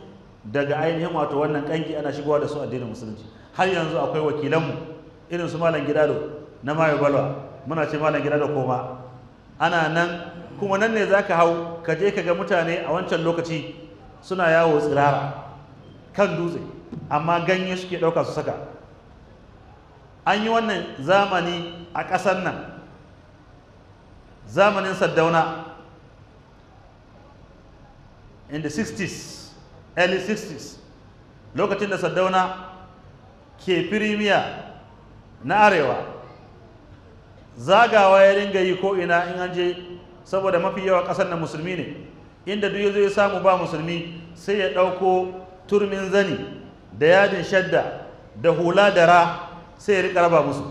daga ainihin wato wannan kanki ana shigowa da su addinin musulunci har yanzu akwai wakilanmu irin su malam gidado na mayo balwa muna ce malam gidado koma ana nan kuma nan ne zaka hau ka je ka ga mutane a wancan lokaci suna yawo tsirara kan dutse amma ganye suke ɗauka su saka an yi wannan zamani a ƙasar nan zamanin saddauna in the 60s early 60s lokacin da saddauna ke firimiya na arewa zagawa ya ringa yi ko ina in an je saboda mafi yawa ƙasar nan musulmi ne inda duk ya ya samu ba musulmi sai ya ɗauko turmin zani da yadin shadda da hula da ra sai ya rika raba musu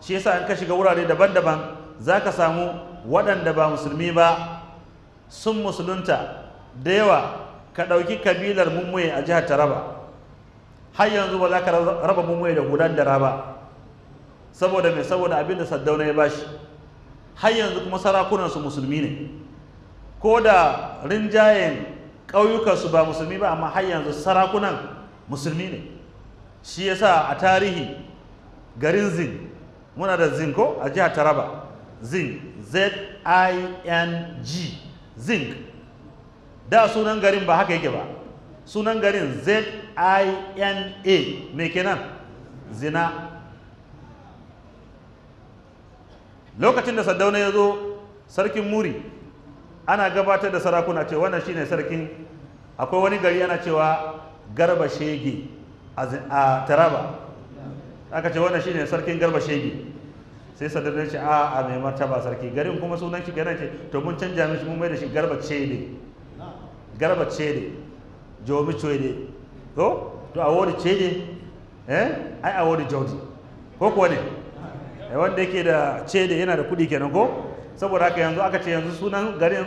shi yasa an ka shiga wurare daban-daban za ka samu waɗanda ba musulmi ba sun musulunta da yawa ka ɗauki kabilar mummuye a jihar taraba har yanzu ba za ka raba mummuye da hulan da raba saboda mai saboda abin da saddauna ya bashi har yanzu kuma sarakunansu musulmi ne ko da rinjayen ƙauyukansu ba musulmi ba amma har yanzu sarakunan musulmi ne shi yasa a tarihi garin zin muna da zin ko a jihar taraba zin z-i-n-g zin da sunan garin ba haka yake ba sunan garin z-i-n-a mai kenan zina lokacin da saddauna ya zo sarkin muri ana gabatar da sarakuna ce wannan shine sarkin akwai wani gari ana cewa garba shege a taraba aka ce wannan shine sarkin garba shege sai sadar ya ce a a mai martaba sarki garin kuma sunan shi gane ce to mun canja mishi mun mai da shi garba cede garba cede jomi cede ko to a wodi cede eh ai a wodi jodi ko kuwa ne eh, wanda yake da cede yana da kuɗi kenan ko saboda haka yanzu aka ce yanzu sunan garin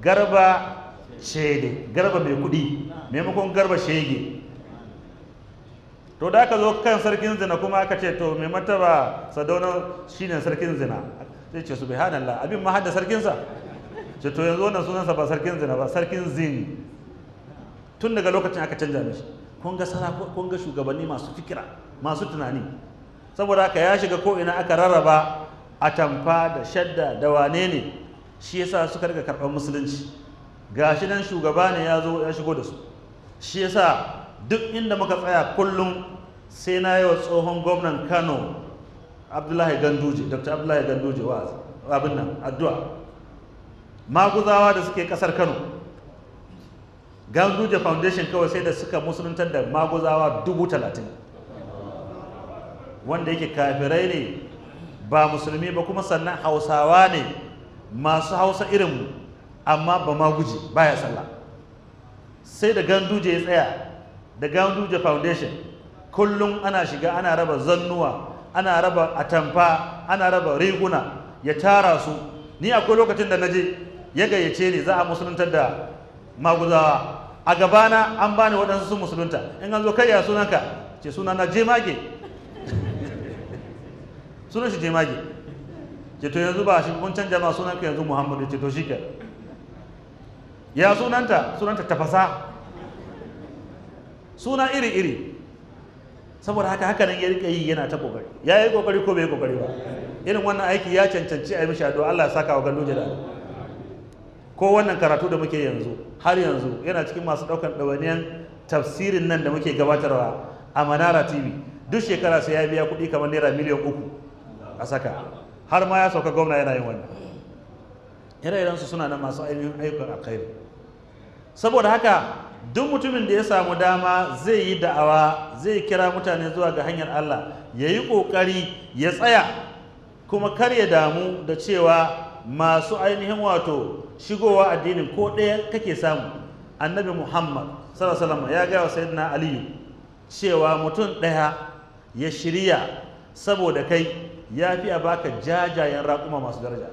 garba shede garba mai kuɗi maimakon garba shege to da aka zo kan sarkin zina kuma aka ce to mai mataba sadauna shine sarkin zina zai ce subhanallah abin ma hadda sarkinsa ce to yanzu wannan sunansa ba sarkin zina ba sarkin zin tun daga lokacin aka canja mishi kun ga kun ga shugabanni masu fikira masu tunani saboda haka ya shiga ko ina aka rarraba a tamfa da shadda da wane ne shi yasa suka riga karɓar musulunci Ga shi nan shugaba ne ya zo ya shigo da su shi yasa duk inda muka tsaya kullum sai na yi wa tsohon gwamnan kano abdullahi ganduje dr abdullahi ganduje wa abin nan addu'a maguzawa da suke kasar kano ganduje foundation kawai sai da suka musuluntar da maguzawa dubu talatin wanda yake kafirai ne ba musulmi ba kuma sannan hausawa ne masu hausa irinmu amma ba ma guji baya sallah sai da ganduje ya tsaya da ganduje foundation kullum ana shiga ana raba zannuwa ana raba atamfa ana raba riguna ya tara su ni akwai lokacin da naje ya gayyace ni za a musuluntar da maguzawa a gabana an bani waɗansu musulunta in an zo kai ya sunanka ce na jemage sunan shi jemage ce to yanzu ba shi kun canja ma sunanka yanzu muhammadu ce to shi kenan ya sunanta sunanta tafasa suna iri-iri saboda haka haka nan ya rika yi yana ta kokari ya yi kokari ko bai kokari ba irin wannan aiki ya cancanci a yi mishi addu'a Allah ya saka wa gallo jira ko wannan karatu da muke yanzu har yanzu yana cikin masu daukan dawaniyan tafsirin nan da muke gabatarwa a Manara TV duk shekara sai ya biya kuɗi kamar naira miliyan uku a saka har ma ya sauka gwamna yana yin wannan ire-irensu suna nan masu ainihin ayyukan alkhairi saboda haka duk mutumin da ya samu dama zai yi da'awa zai kira mutane zuwa ga hanyar Allah ya yi ƙoƙari ya tsaya kuma kar ya damu da cewa masu ainihin wato shigowa addinin ko ɗaya kake samu annabi muhammad sallallahu ya gaya wa sayyidina aliyu cewa mutum ɗaya ya shirya saboda kai ya fi a baka jajayen raƙuma masu daraja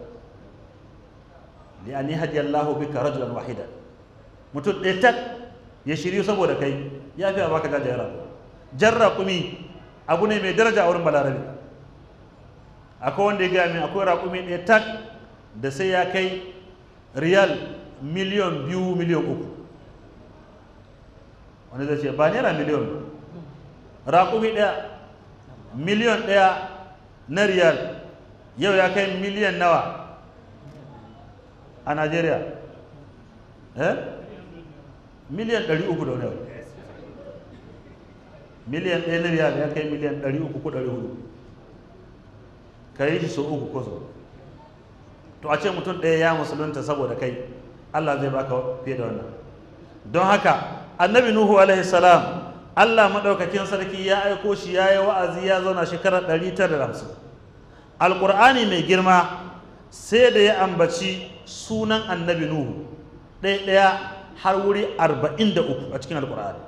li'ani hadiyallahu bika rajulan wahidan mutum ɗaya tak ya shiri saboda kai ya fi a baka jajayen rago jarra kumi abu ne mai daraja a wurin balarabe akwai wanda ya gaya min akwai raƙumi ɗaya tak da sai ya kai riyal miliyan biyu miliyan uku wani zai ce ba naira miliyan raƙumi ɗaya miliyan ɗaya na riyal yau ya kai miliyan nawa a najeriya eh miliyan 300 da wani miliyan ɗaya na riyal ya kai miliyan 300 ko ka yi shi sau uku ko sau to a ce mutum ɗaya ya musulunta saboda kai Allah zai baka fiye da wannan don haka annabi nuhu alaihi salam Allah maɗaukakin sarki ya aiko shi ya yi wa'azi ya zauna shekarar 950 alƙur'ani mai girma sai da ya ambaci sunan annabi nuhu ɗaya har wuri 43 a cikin alkur'ani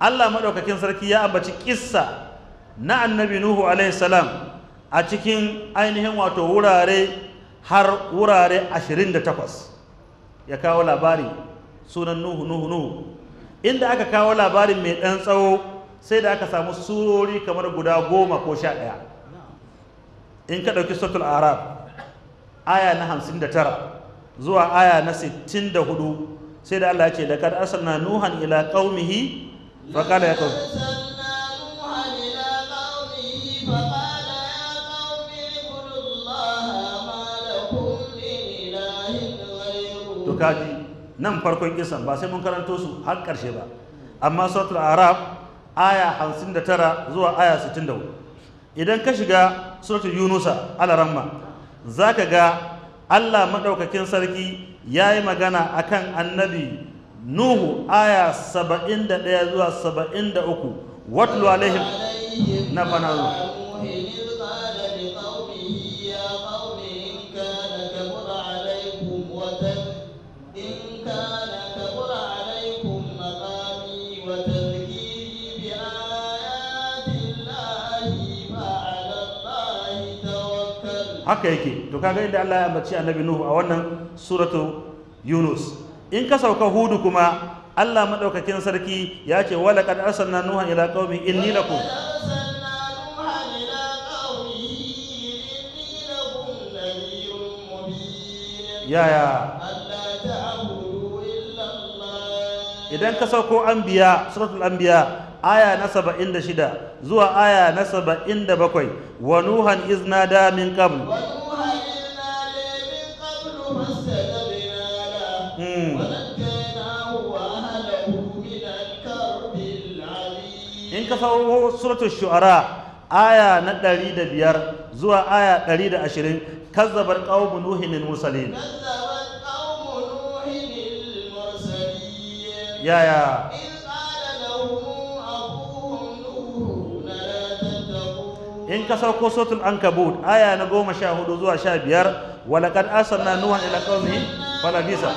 Allah madaukakin sarki ya ambaci kissa na annabi nuhu alaihi salam a cikin ainihin wato wurare har wurare 28 ya kawo labari sunan nuhu nuhu nuhu inda aka kawo labarin mai ɗan tsawo sai da aka samu surori kamar guda goma ko sha ɗaya in ka ɗauki sotul arab aya na hamsin zuwa aya na 64 sai da Allah ya ce laqad arsalna nuhan ila qaumihi fa qala ya qaumi to kaji nan farkon kisan ba sai mun karanto su har karshe ba amma suratul araf aya 59 zuwa aya 64 idan ka shiga suratul yunusa za zaka ga Allah maɗaukakin sarki ya yi magana a kan annabi Nuhu aya saba'in da ɗaya zuwa saba'in da uku watlu alaihim na fanaru haka yake to kaga inda Allah ya ambaci annabi nuhu a wannan suratu yunus in ka sauka hudu kuma Allah madaukakin sarki ya ce walaqad arsalna nuha ila qaumi inni lakum yaya idan ka sauko anbiya suratul anbiya aya na saba'in da shida zuwa aya na saba'in da bakwai wa nuhan izna da min qabl hmm. in ka sauko suratun shu'ara aya na ɗari da biyar zuwa aya ɗari da ashirin kazzabar ƙaumu nuhin mursalin yaya yeah, yeah. in ka sauko sotul ankabut aya na goma sha hudu zuwa sha biyar walakad arsalna nuhan ila qaumihi falabisa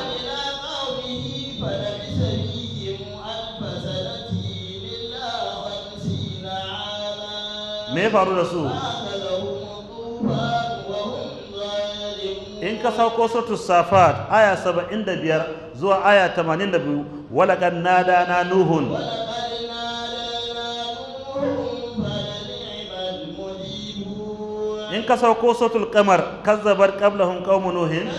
me faru da su in ka sauko sotul safat aya saba'in da biyar zuwa aya tamanin da biyu walakad nada na nuhun in ka sauko sotul kamar kazzabar qablahum qaumu nuhin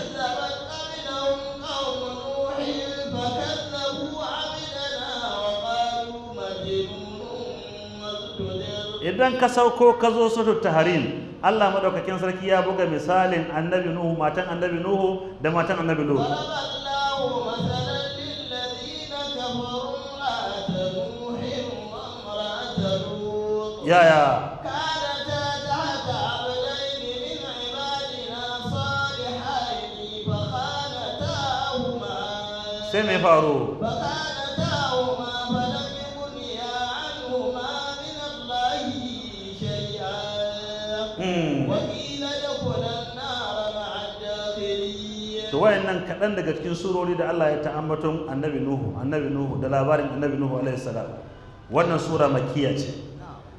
idan ka sauko ka zo sotul taharin Allah madaukakin sarki ya buga misalin annabi nuhu matan annabi nuhu da matan nuhu yaya sai mai faru hmm. to nan kaɗan daga cikin surori da Allah ya ta'ambatun annabi Nuhu annabi Nuhu da labarin annabi Nuhu alaihi salam wannan sura makiya ce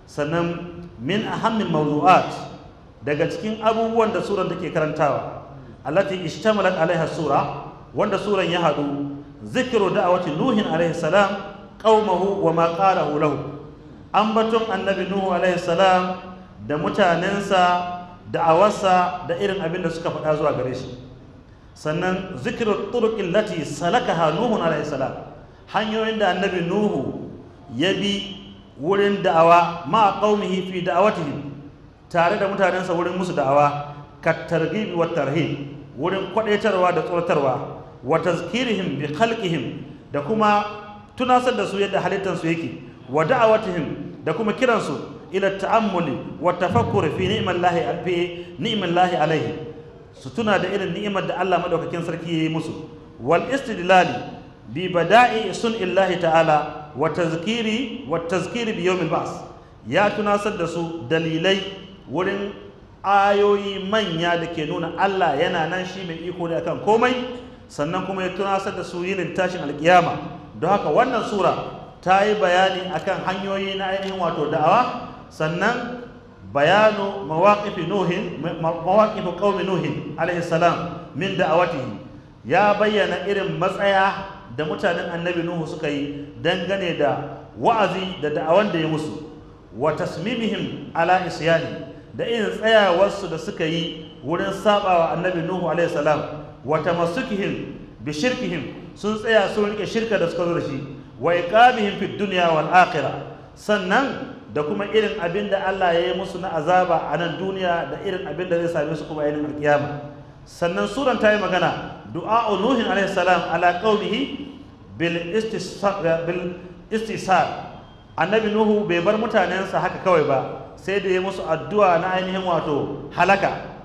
sannan min ahammin mawdu'at daga cikin abubuwan da suran take karantawa allati ishtamalat alaiha sura wanda suran ya hadu zikiru da'awati nuhi alaihi salam qaumahu wa ma qalahu lahu ambaton annabi nuhu alaihi salam da mutanensa da'awarsa da irin abin da suka faɗa zuwa gare shi sannan zikiru turuqil lati salakaha nuhun alaihi salam hanyoyin da annabi nuhu ya bi wurin da'awa ma qaumihi fi da'awatihim tare da mutanensa wurin musu da'awa ka targhib wa tarhib wurin kwadaitarwa da tsoratarwa wa tazkirihim bi khalqihim da kuma tunasar da su yadda halittar su yake wa da'awatihim da kuma kiransu ila ta'ammuli wa tafakkur fi ni'mallahi alfi ni'mallahi alaihi su tuna da irin ni'imar da Allah madaukakin sarki yayi musu wal istidlali bi bada'i sunillahi ta'ala wa tazkiri wa tazkiri bi ba's ya tunasar da su dalilai wurin ayoyi manya da ke nuna Allah yana nan shi mai iko ne kan komai sannan kuma ya tunasar da su yinin tashin alkiyama don haka wannan sura ta yi bayani akan hanyoyi na ainihin wato da'awa sannan bayanu mawaƙifi nuhin mawaƙifi ƙaumi nuhin alaihissalam min da'awatihi ya bayyana irin matsaya da mutanen annabi nuhu suka yi dangane da wa'azi da da'awan da ya musu wa tasmimihim ala isyani da irin tsayawarsu da suka yi wurin sabawa annabi nuhu alaihissalam wata masukihim bi sun tsaya sun rike shirka da suka zo da shi wa iqabihim fid dunya wal akhirah sannan da kuma irin abin Allah ya yi musu na azaba a nan duniya da irin abin zai sami su kuma ainihin alkiyama sannan suran ta yi magana du'a nuhin alaihi salam ala qaumihi bil istisar annabi nuhu bai bar mutanensa haka kawai ba sai da ya yi musu addu'a na ainihin wato halaka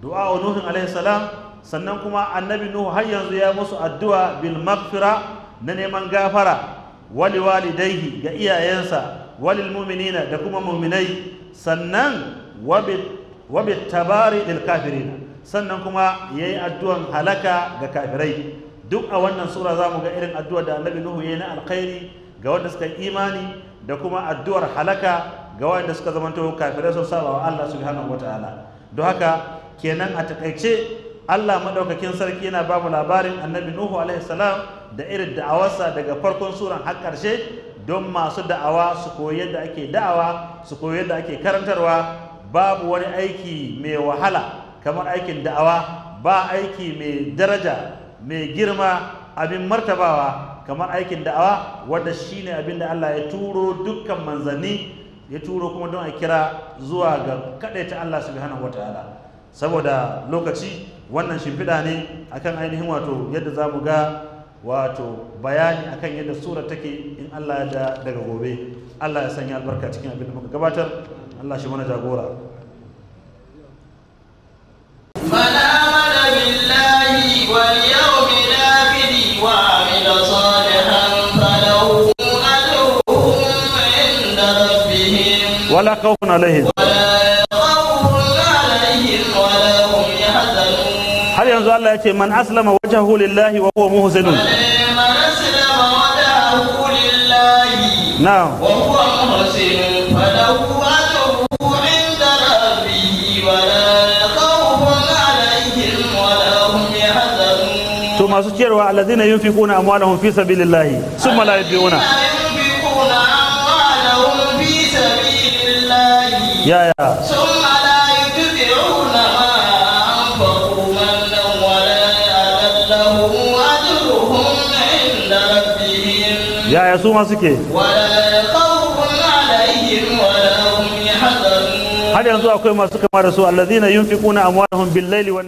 du'a nuhin alaihi salam sannan kuma annabi nuhu har yanzu ya musu addu'a bil maghfira na neman gafara wali walidaihi ga iyayensa walil mu'minina da kuma mu'minai sannan wabit tabari lil kafirin sannan kuma yayi addu'an halaka ga kafirai duk a wannan sura zamu ga irin addu'a da annabi nuhu yayi na alkhairi ga wanda suka imani da kuma addu'ar halaka ga wanda suka zamanto kafirai sun saba wa Allah subhanahu wataala don haka kenan a takaice Allah madaukakin sarki yana babu labarin annabi Nuhu alaihi salam da irin da'awarsa daga farkon suran har ƙarshe don masu da'awa su koyi yadda ake da'awa su koyi yadda ake karantarwa babu wani aiki mai wahala kamar aikin da'awa ba aiki mai daraja mai girma abin martabawa kamar aikin da'awa wanda shine abin da Allah ya turo dukkan manzanni ya turo kuma don a kira zuwa ga ta Allah subhanahu wataala saboda lokaci wannan shimfiɗa ne akan ainihin wato yadda za mu ga wato bayani akan yadda sura take in Allah ya daga gobe Allah ya sanya albarka cikin abin da muka gabatar Allah shi mana jagora Bala mana billahi wal yawmil akhir wa wala wala na wala manzo Allah ya ce man aslama wajhahu lillahi wa huwa muhsinun man aslama lillahi wa huwa muhsinun falahu ajruhu inda wa la khawfun wa la hum yahzanun to masu ciyarwa allazina yunfiquna amwalahum fi sabilillahi summa la yudbiuna yunfiquna amwalahum fi sabilillahi ya ya yaya su ma suke har yanzu akwai masu kama da su allazina yunfiquna amwalahum bil laili